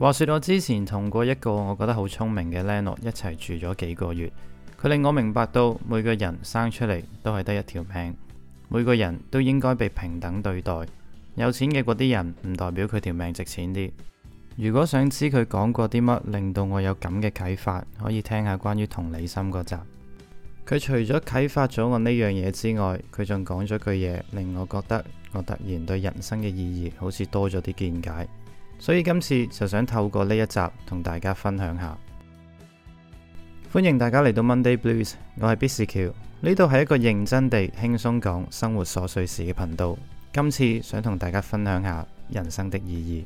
話說我之前同過一個我覺得好聰明嘅僆妹一齊住咗幾個月，佢令我明白到每個人生出嚟都係得一條命，每個人都應該被平等對待。有錢嘅嗰啲人唔代表佢條命值錢啲。如果想知佢講過啲乜令到我有咁嘅啟發，可以聽下關於同理心嗰集。佢除咗啟發咗我呢樣嘢之外，佢仲講咗句嘢令我覺得我突然對人生嘅意義好似多咗啲見解。所以今次就想透過呢一集同大家分享下。歡迎大家嚟到 Monday Blues，我係 Biscuit，呢度係一個認真地輕鬆講生活瑣碎事嘅頻道。今次想同大家分享下人生的意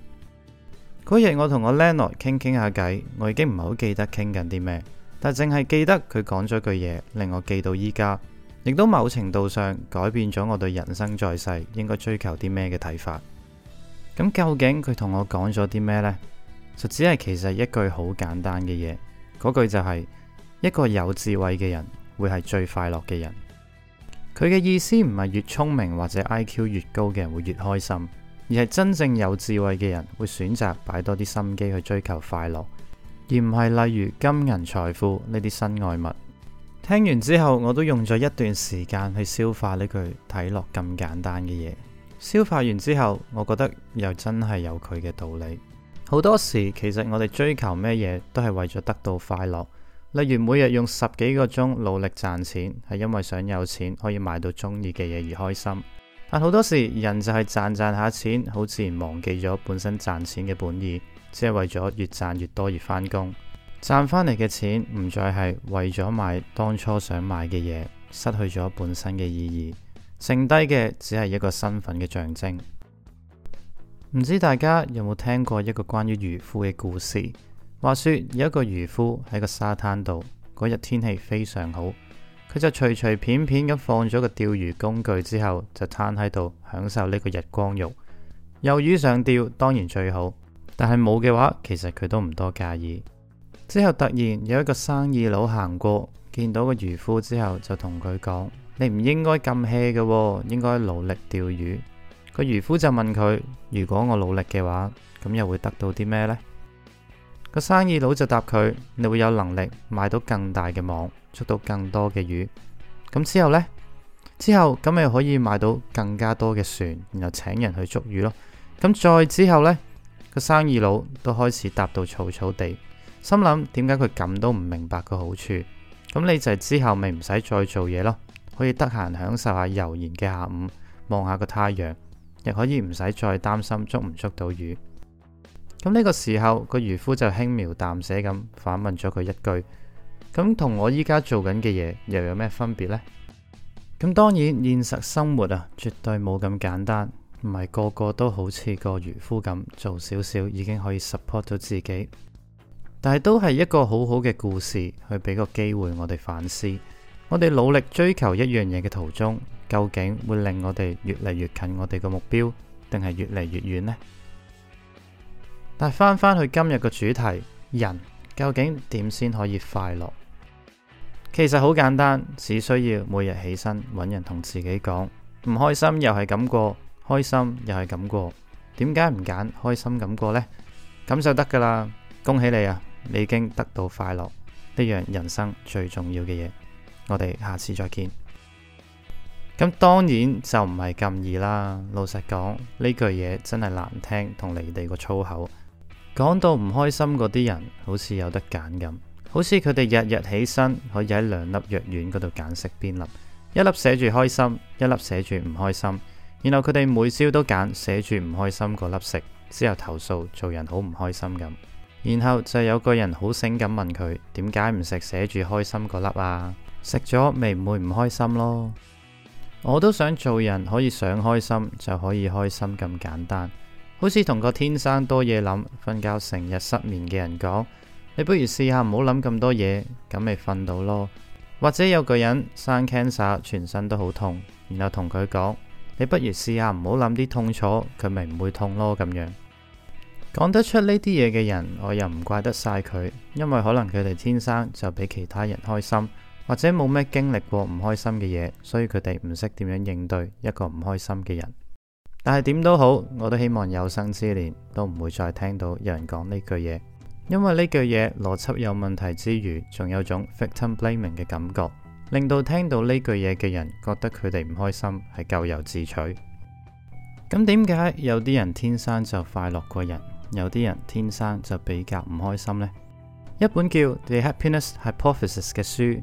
義。嗰日 我同我 Leno 傾傾下偈，我已經唔係好記得傾緊啲咩，但係淨係記得佢講咗句嘢，令我記到依家，亦都某程度上改變咗我對人生在世應該追求啲咩嘅睇法。咁究竟佢同我講咗啲咩呢？就只係其實一句好簡單嘅嘢，嗰句就係一個有智慧嘅人會係最快樂嘅人。佢嘅意思唔係越聰明或者 IQ 越高嘅人會越開心，而係真正有智慧嘅人會選擇擺多啲心機去追求快樂，而唔係例如金銀財富呢啲身外物。聽完之後，我都用咗一段時間去消化呢句睇落咁簡單嘅嘢。消化完之後，我覺得又真係有佢嘅道理。好多時，其實我哋追求咩嘢都係為咗得到快樂。例如，每日用十幾個鐘努力賺錢，係因為想有錢可以買到中意嘅嘢而開心。但好多時，人就係賺賺下錢，好自然忘記咗本身賺錢嘅本意，只係為咗越賺越多而返工。賺返嚟嘅錢唔再係為咗買當初想買嘅嘢，失去咗本身嘅意義。剩低嘅只係一個身份嘅象徵。唔知大家有冇聽過一個關於漁夫嘅故事？話說有一個漁夫喺個沙灘度，嗰日天氣非常好，佢就隨隨便便咁放咗個釣魚工具之後，就攤喺度享受呢個日光浴。有魚上釣當然最好，但係冇嘅話，其實佢都唔多介意。之後突然有一個生意佬行過，見到個漁夫之後就同佢講。你唔應該咁 hea 嘅喎，應該努力釣魚。個漁夫就問佢：如果我努力嘅話，咁又會得到啲咩呢？個生意佬就答佢：你會有能力買到更大嘅網，捉到更多嘅魚。咁之後呢？之後咁咪可以買到更加多嘅船，然後請人去捉魚咯。咁再之後呢？個生意佬都開始答到草草地，心諗點解佢咁都唔明白個好處？咁你就之後咪唔使再做嘢咯。可以得閒享受下悠然嘅下午，望下個太陽，亦可以唔使再擔心捉唔捉到魚。咁呢個時候，個漁夫就輕描淡寫咁反問咗佢一句：「咁同我依家做緊嘅嘢又有咩分別呢？」咁當然現實生活啊，絕對冇咁簡單，唔係個個都好似個漁夫咁做少少已經可以 support 到自己，但係都係一個好好嘅故事，去俾個機會我哋反思。我哋努力追求一樣嘢嘅途中，究竟會令我哋越嚟越近我哋嘅目標，定係越嚟越遠呢？但係翻翻去今日嘅主題，人究竟點先可以快樂？其實好簡單，只需要每日起身搵人同自己講唔開心又係咁過，開心又係咁過，點解唔揀開心咁過呢？咁就得噶啦。恭喜你啊，你已經得到快樂呢樣人生最重要嘅嘢。我哋下次再見。咁當然就唔係咁易啦。老實講，呢句嘢真係難聽，同你哋個粗口講到唔開心嗰啲人，好似有得揀咁，好似佢哋日日起身可以喺兩粒藥丸嗰度揀食邊粒，一粒寫住開心，一粒寫住唔開心。然後佢哋每朝都揀寫住唔開心嗰粒食，之後投訴做人好唔開心咁。然後就有個人好醒咁問佢，點解唔食寫住開心嗰粒啊？食咗咪唔會唔開心咯？我都想做人可以想開心就可以開心咁簡單。好似同個天生多嘢諗、瞓覺成日失眠嘅人講，你不如試下唔好諗咁多嘢，咁咪瞓到咯。或者有個人生 cancer，全身都好痛，然後同佢講，你不如試下唔好諗啲痛楚，佢咪唔會痛咯。咁樣講得出呢啲嘢嘅人，我又唔怪得晒佢，因為可能佢哋天生就比其他人開心。或者冇咩經歷過唔開心嘅嘢，所以佢哋唔識點樣應對一個唔開心嘅人。但係點都好，我都希望有生之年都唔會再聽到有人講呢句嘢，因為呢句嘢邏輯有問題之餘，仲有種 victim blaming 嘅感覺，令到聽到呢句嘢嘅人覺得佢哋唔開心係咎由自取。咁點解有啲人天生就快樂過人，有啲人天生就比較唔開心呢？一本叫《The Happiness Hypothesis》嘅書。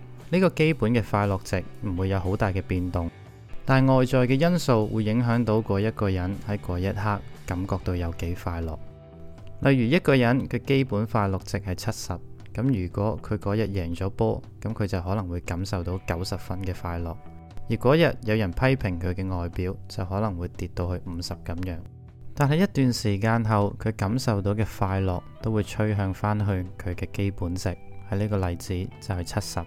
呢個基本嘅快樂值唔會有好大嘅變動，但外在嘅因素會影響到嗰一個人喺嗰一刻感覺到有幾快樂。例如一個人嘅基本快樂值係七十，咁如果佢嗰日贏咗波，咁佢就可能會感受到九十分嘅快樂。而嗰日有人批評佢嘅外表，就可能會跌到去五十咁樣。但係一段時間後，佢感受到嘅快樂都會趨向翻去佢嘅基本值。喺呢個例子就係七十。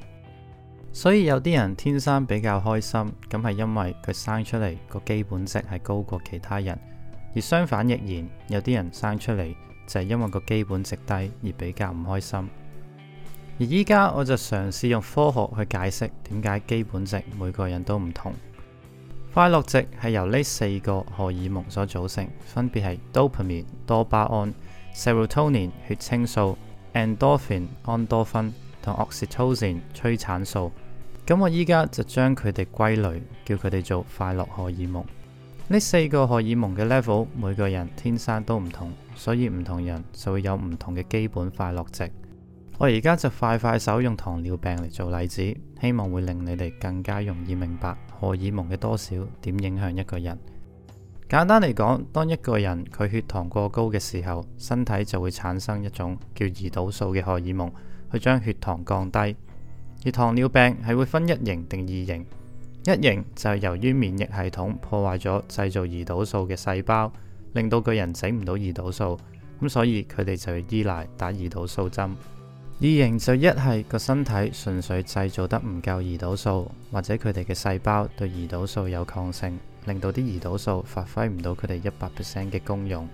所以有啲人天生比較開心，咁係因為佢生出嚟個基本值係高過其他人，而相反亦然。有啲人生出嚟就係因為個基本值低而比較唔開心。而依家我就嘗試用科學去解釋點解基本值每個人都唔同。快樂值係由呢四個荷爾蒙所組成，分別係 Dopamine 多巴胺、Serotonin，血清素、endorphin（ 安多芬）同 Oxytocin 催產素。咁我依家就將佢哋歸類，叫佢哋做快樂荷爾蒙。呢四個荷爾蒙嘅 level，每個人天生都唔同，所以唔同人就會有唔同嘅基本快樂值。我而家就快快手用糖尿病嚟做例子，希望會令你哋更加容易明白荷爾蒙嘅多少點影響一個人。簡單嚟講，當一個人佢血糖過高嘅時候，身體就會產生一種叫胰島素嘅荷爾蒙，去將血糖降低。而糖尿病係會分一型定二型。一型就係由於免疫系統破壞咗製造胰島素嘅細胞，令到個人整唔到胰島素，咁所以佢哋就要依賴打胰島素針。二型就一係個身體純粹製造得唔夠胰島素，或者佢哋嘅細胞對胰島素有抗性，令到啲胰島素發揮唔到佢哋一百 percent 嘅功用。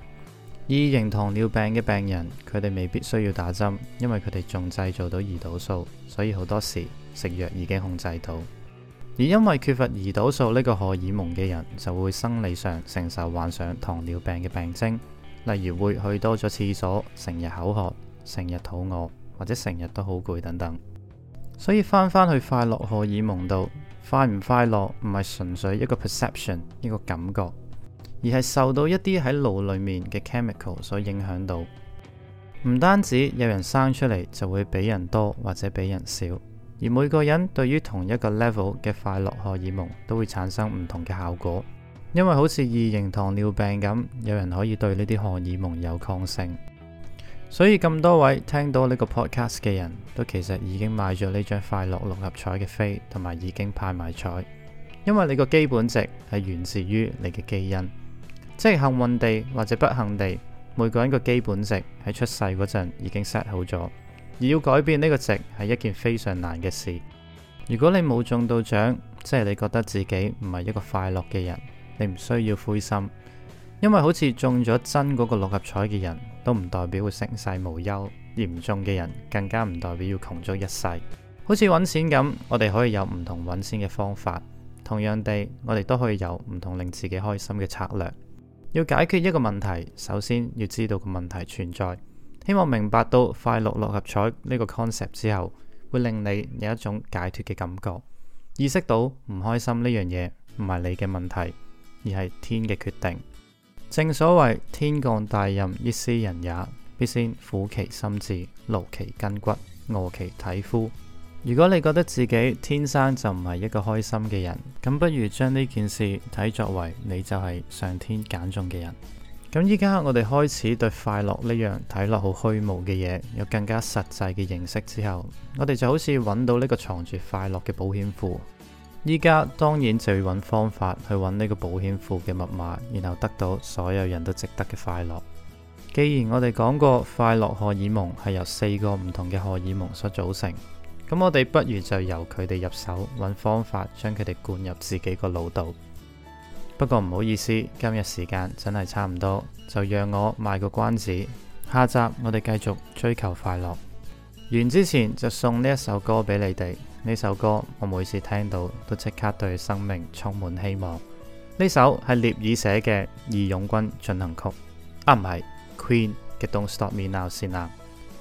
二型糖尿病嘅病人，佢哋未必需要打針，因為佢哋仲製造到胰島素，所以好多時食藥已經控制到。而因為缺乏胰島素呢個荷爾蒙嘅人，就會生理上承受患上糖尿病嘅病徵，例如會去多咗廁所、成日口渴、成日肚餓或者成日都好攰等等。所以翻返去快樂荷爾蒙度，快唔快樂唔係純粹一個 perception，一個感覺。而係受到一啲喺腦裏面嘅 chemical 所影響到，唔單止有人生出嚟就會比人多或者比人少，而每個人對於同一個 level 嘅快樂荷爾蒙都會產生唔同嘅效果，因為好似二型糖尿病咁，有人可以對呢啲荷爾蒙有抗性，所以咁多位聽到呢個 podcast 嘅人都其實已經買咗呢張快樂六合彩嘅飛，同埋已經派埋彩，因為你個基本值係源自於你嘅基因。即係幸運地或者不幸地，每個人個基本值喺出世嗰陣已經 set 好咗，而要改變呢個值係一件非常難嘅事。如果你冇中到獎，即係你覺得自己唔係一個快樂嘅人，你唔需要灰心，因為好似中咗真嗰個六合彩嘅人都唔代表會成世無憂，而唔中嘅人更加唔代表要窮足一世。好似搵錢咁，我哋可以有唔同搵錢嘅方法，同樣地，我哋都可以有唔同令自己開心嘅策略。要解決一個問題，首先要知道個問題存在。希望明白到快樂六合彩呢個 concept 之後，會令你有一種解脱嘅感覺，意識到唔開心呢樣嘢唔係你嘅問題，而係天嘅決定。正所謂天降大任於斯人也，必先苦其心志，勞其筋骨，餓其體膚。如果你覺得自己天生就唔係一個開心嘅人，咁不如將呢件事睇作為你就係上天揀中嘅人。咁依家我哋開始對快樂呢樣睇落好虛無嘅嘢，有更加實際嘅認識之後，我哋就好似揾到呢個藏住快樂嘅保險庫。依家當然就要揾方法去揾呢個保險庫嘅密碼，然後得到所有人都值得嘅快樂。既然我哋講過快樂荷爾蒙係由四個唔同嘅荷爾蒙所組成。咁我哋不如就由佢哋入手，揾方法將佢哋灌入自己個腦度。不過唔好意思，今日時間真係差唔多，就讓我賣個關子。下集我哋繼續追求快樂。完之前就送呢一首歌俾你哋。呢首歌我每次聽到都即刻對生命充滿希望。呢首係聶耳寫嘅《義勇軍進行曲》。啊唔係，Queen 嘅《Don't Stop Me Now》先啦。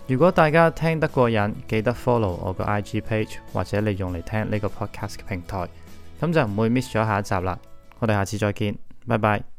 如果大家聽得過癮，記得 follow 我個 IG page 或者你用嚟聽呢個 podcast 嘅平台，咁就唔會 miss 咗下一集啦。我哋下次再見，拜拜。